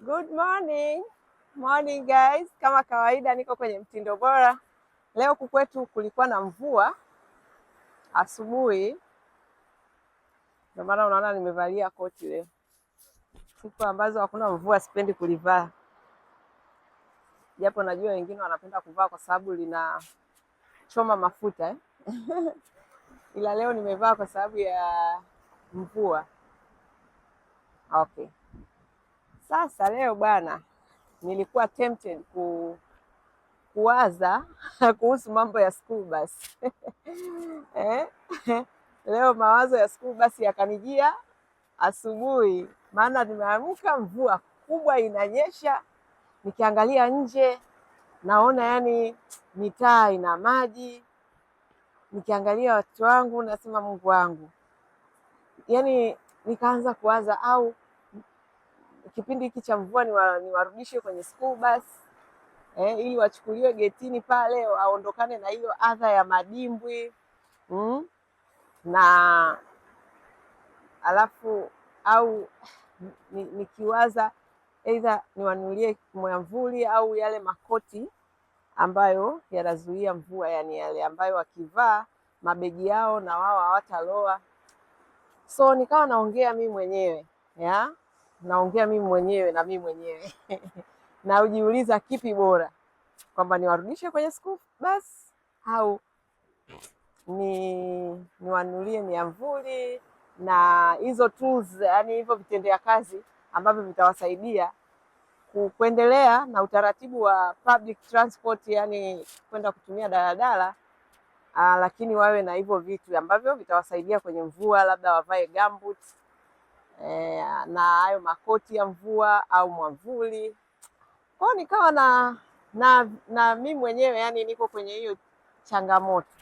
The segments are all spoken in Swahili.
Good morning. Morning guys. Kama kawaida niko kwenye mtindo bora. Leo kukwetu kulikuwa na mvua asubuhi, ndio maana unaona nimevalia koti leo. Siku ambazo hakuna mvua sipendi kulivaa, japo najua wengine wanapenda kuvaa kwa sababu linachoma mafuta eh? ila leo nimevaa kwa sababu ya mvua. Okay. Sasa leo bwana, nilikuwa tempted ku kuwaza kuhusu mambo ya school bus eh? Leo mawazo ya school bus yakanijia asubuhi, maana nimeamka, mvua kubwa inanyesha, nikiangalia nje naona yani mitaa ina maji, nikiangalia watoto wangu nasema Mungu wangu, yani nikaanza kuwaza au kipindi hiki cha mvua niwarudishe kwenye school bus eh, ili wachukuliwe getini pale waondokane na hiyo adha ya madimbwi mm? na alafu au nikiwaza ni aidha niwanunulie mwamvuli au yale makoti ambayo yanazuia mvua, yani yale ambayo wakivaa mabegi yao na wao hawataloa. So nikawa naongea mimi mwenyewe ya naongea mimi mwenyewe na mimi mwenyewe na ujiuliza kipi bora, kwamba niwarudishe kwenye skufu basi au ni niwanulie miamvuli na hizo tools, yani hivyo vitendea kazi ambavyo vitawasaidia kuendelea na utaratibu wa public transport, yani kwenda kutumia daladala aa, ah, lakini wawe na hivyo vitu ambavyo vitawasaidia kwenye mvua, labda wavae gambuti eh, na hayo makoti ya mvua au mwavuli. kwao, nikawa na na, na mimi mwenyewe yani niko kwenye hiyo changamoto,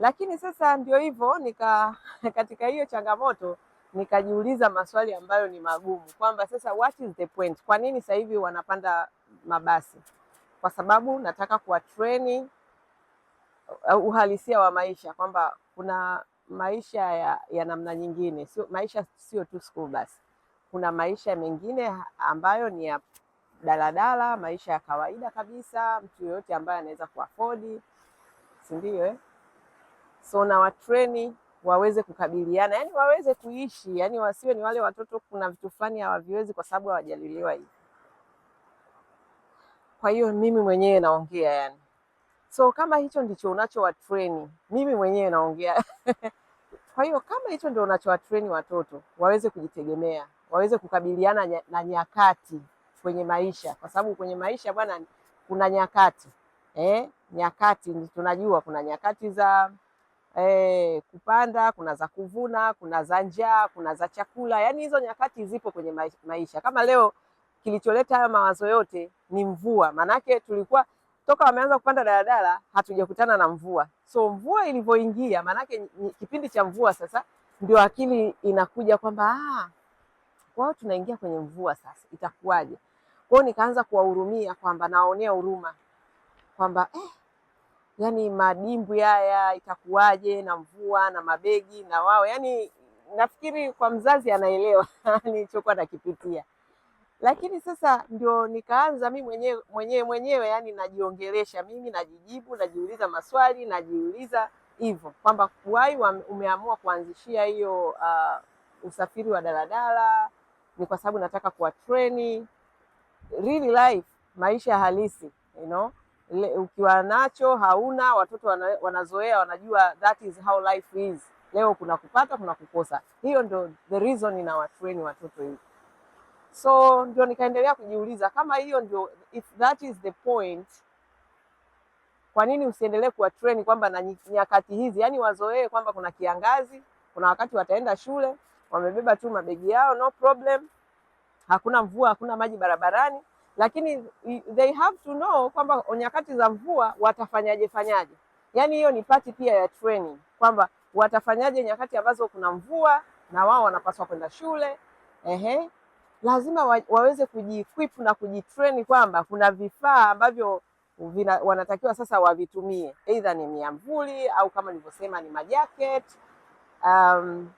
lakini sasa ndio hivyo nika, katika hiyo changamoto nikajiuliza maswali ambayo ni magumu kwamba sasa what is the point, kwa nini sasa hivi wanapanda mabasi? Kwa sababu nataka kuwatreni uh, uhalisia wa maisha kwamba kuna maisha ya, ya namna nyingine, sio maisha, sio tu school bus. Kuna maisha mengine ambayo ni ya daladala, maisha ya kawaida kabisa, mtu yoyote ambaye anaweza kuafodi, si ndio eh? So na watreni waweze kukabiliana, yani waweze kuishi, yani wasiwe ni wale watoto, kuna vitu fulani hawaviwezi kwa sababu hawajaliliwa hivi. Kwa hiyo mimi mwenyewe naongea yani So kama hicho ndicho unacho watreni mimi mwenyewe naongea kwa hiyo kama hicho ndio unacho watreni watoto waweze kujitegemea, waweze kukabiliana na nyakati kwenye maisha, kwa sababu kwenye maisha bwana, kuna nyakati eh, nyakati tunajua kuna nyakati za eh, kupanda, kuna za kuvuna, kuna za njaa, kuna za chakula. Yaani hizo nyakati zipo kwenye maisha. Kama leo kilicholeta haya mawazo yote ni mvua, maanake tulikuwa toka wameanza kupanda daladala hatujakutana na mvua. So mvua ilivyoingia, maanake kipindi cha mvua sasa ndio akili inakuja kwamba ah, kwao tunaingia kwenye mvua sasa, itakuwaje? Kwao nikaanza kuwahurumia kwamba nawaonea huruma kwamba eh, yani madimbwi haya itakuwaje na mvua na mabegi na wao, yani nafikiri kwa mzazi anaelewa nilichokuwa nakipitia. Lakini sasa ndio nikaanza mi mwenyewe mwenyewe mwenyewe, yani najiongelesha mimi, najijibu, najiuliza maswali, najiuliza hivyo kwamba wai umeamua kuanzishia hiyo uh, usafiri wa daladala ni kwa sababu nataka kuwa treni really life, maisha halisi you know? Le, ukiwa nacho hauna watoto wana, wanazoea wanajua that is how life is. Leo kuna kupata kuna kukosa, hiyo ndo the reason inawatreni watoto hivi. So ndio nikaendelea kujiuliza kama hiyo ndio, if that is the point, kwa nini usiendelee train kwamba na nyakati hizi, yani wazoee kwamba kuna kiangazi, kuna wakati wataenda shule wamebeba tu mabegi yao, no problem, hakuna mvua, hakuna maji barabarani, lakini they have to know kwamba nyakati za mvua watafanyaje fanyaje. Yani hiyo ni pati pia ya training kwamba watafanyaje nyakati ambazo kuna mvua na wao wanapaswa kwenda shule. Ehe lazima wa, waweze kujiequip na kujitrain kwamba kuna vifaa ambavyo vina, wanatakiwa sasa wavitumie, aidha ni miamvuli au kama nilivyosema ni majacket um,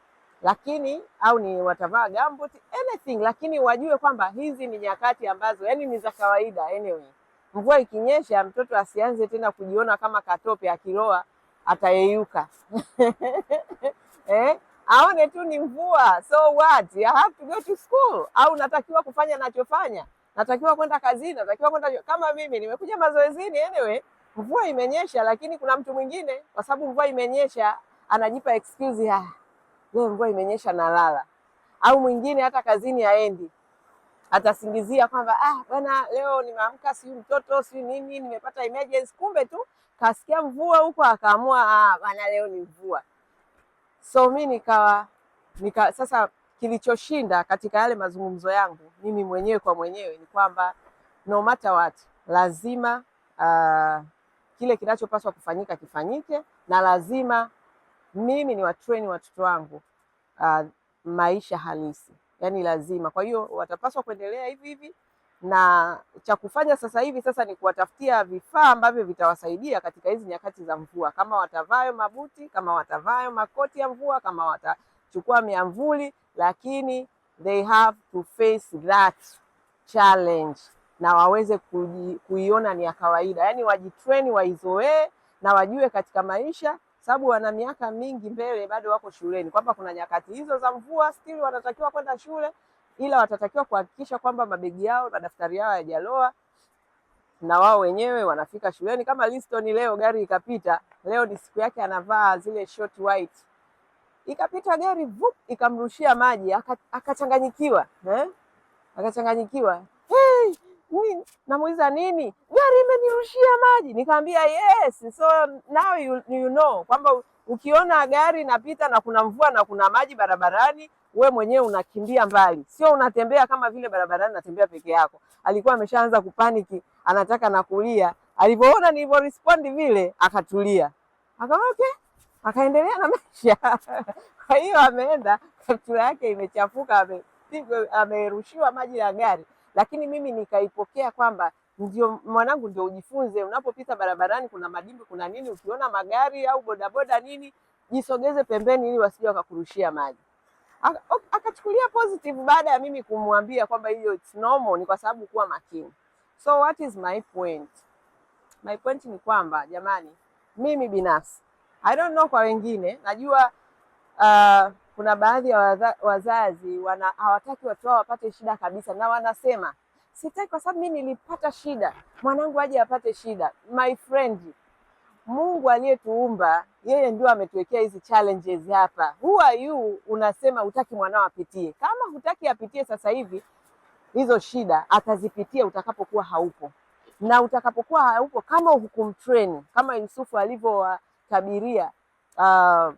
lakini au ni watavaa gambut anything, lakini wajue kwamba hizi ni nyakati ambazo yani ni za kawaida anyway. Mvua ikinyesha mtoto asianze tena kujiona kama katope, akiloa atayeyuka eh? aone tu ni mvua, so what, I have to go to school, au natakiwa kufanya nachofanya, natakiwa kwenda kazini, natakiwa kwenda kama mimi nimekuja mazoezini. Anyway, mvua imenyesha, lakini kuna mtu mwingine, kwa sababu mvua imenyesha, anajipa excuse ya ah, leo mvua imenyesha, nalala. Au mwingine hata kazini haendi, atasingizia kwamba ah, bwana leo nimeamka, si mtoto si nini, nimepata emergency. Kumbe tu kasikia mvua huko, akaamua ah, bwana leo ni mvua. So mi nikawa nika, sasa kilichoshinda katika yale mazungumzo yangu mimi mwenyewe kwa mwenyewe ni kwamba no matter what lazima uh, kile kinachopaswa kufanyika kifanyike, na lazima mimi ni watreni watoto wangu uh, maisha halisi, yani lazima. Kwa hiyo watapaswa kuendelea hivi hivi na cha kufanya sasa hivi sasa ni kuwatafutia vifaa ambavyo vitawasaidia katika hizi nyakati za mvua, kama watavayo mabuti, kama watavayo makoti ya mvua, kama watachukua miamvuli, lakini they have to face that challenge na waweze kuiona ni ya kawaida, yaani wajitreni, waizoee na wajue katika maisha, sababu wana miaka mingi mbele, bado wako shuleni, kwamba kuna nyakati hizo za mvua, stili wanatakiwa kwenda shule ila watatakiwa kuhakikisha kwamba mabegi yao, madaftari yao hayajaloa na wao wenyewe wanafika shuleni. Kama Liston leo gari ikapita, leo ni siku yake, anavaa zile short white, ikapita gari vup, ikamrushia maji, akachanganyikiwa eh? Akachanganyikiwa hey, namuuliza nini, gari imenirushia maji? Nikamwambia yes, so now you, you know kwamba Ukiona gari napita na kuna mvua na kuna maji barabarani, we mwenyewe unakimbia mbali, sio unatembea kama vile barabarani natembea peke yako. Alikuwa ameshaanza kupaniki, anataka na kulia. Alivyoona nilivyo respond vile, akatulia, akaona okay, akaendelea na maisha kwa hiyo ameenda, kaptura yake imechafuka, amerushiwa maji ya gari, lakini mimi nikaipokea kwamba ndio mwanangu, ndio ujifunze. Unapopita barabarani, kuna madimbo kuna nini, ukiona magari au bodaboda nini, jisogeze pembeni, ili wasije wakakurushia maji. Akachukulia positive baada ya mimi kumwambia kwamba hiyo it's normal, ni kwa sababu kuwa makini. So what is my point? My point ni kwamba jamani, mimi binafsi I don't know kwa wengine, najua uh, kuna baadhi ya wazazi wana hawataki watu wao wapate shida kabisa, na wanasema sitaki kwa sababu mimi nilipata shida, mwanangu aje apate shida. My friend, Mungu aliyetuumba yeye ndio ametuwekea hizi challenges hapa. Who are you unasema hutaki mwanao apitie? Kama hutaki apitie sasa hivi hizo shida, atazipitia utakapokuwa haupo, na utakapokuwa haupo kama hukumtrain kama Yusufu alivyotabiria uh,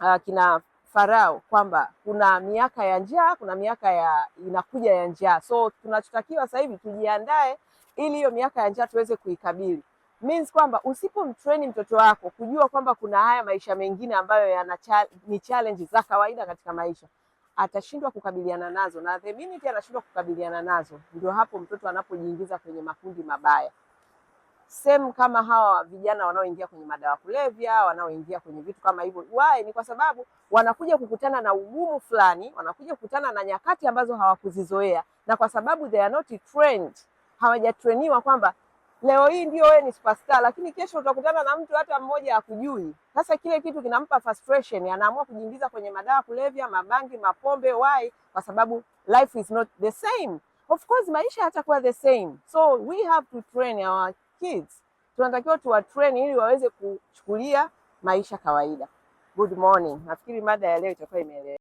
uh, kina Farao kwamba kuna miaka ya njaa, kuna miaka ya inakuja ya njaa. So tunachotakiwa sasa hivi tujiandae, ili hiyo miaka ya njaa tuweze kuikabili. Means kwamba usipomtrain mtoto wako kujua kwamba kuna haya maisha mengine ambayo yana ni challenge za kawaida katika maisha, atashindwa kukabiliana nazo, na the minute anashindwa kukabiliana nazo, ndio hapo mtoto anapojiingiza kwenye makundi mabaya sehemu kama hawa vijana wanaoingia kwenye madawa kulevya, wanaoingia kwenye vitu kama hivyo, wae ni kwa sababu wanakuja kukutana na ugumu fulani, wanakuja kukutana na nyakati ambazo hawakuzizoea, na kwa sababu they are not trained, hawajatreniwa kwamba leo hii ndio wewe ni superstar, lakini kesho utakutana na mtu hata mmoja akujui Sasa kile kitu kinampa frustration, anaamua kujiingiza kwenye madawa kulevya, mabangi, mapombe. Why? Kwa sababu life is not the same. Of course maisha hatakuwa the same, so we have to train our kids tunatakiwa tuwatrain ili waweze kuchukulia maisha kawaida. Good morning. Nafikiri mada ya leo itakuwa imeeleweka.